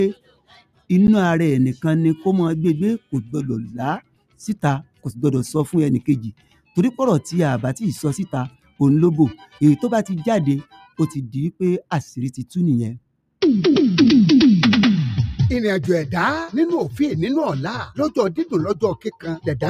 pé inú ara ẹ̀ nìkan ni kó máa gbé gbé, kò gbọdọ̀ là á síta, kò sì gbọdọ̀ sọ fún ẹnìkejì torí pé tí a à bá tíì sọ síta òun ló bò. Èyí tó bá ti jáde, ó ti di wí pé àṣírí ti tú nìyẹn. Ìrìnàjò ẹ̀dá nínú òfin nínú ọ̀la lọ́jọ́ dídùn lọ́jọ́ kíkan lẹ̀dá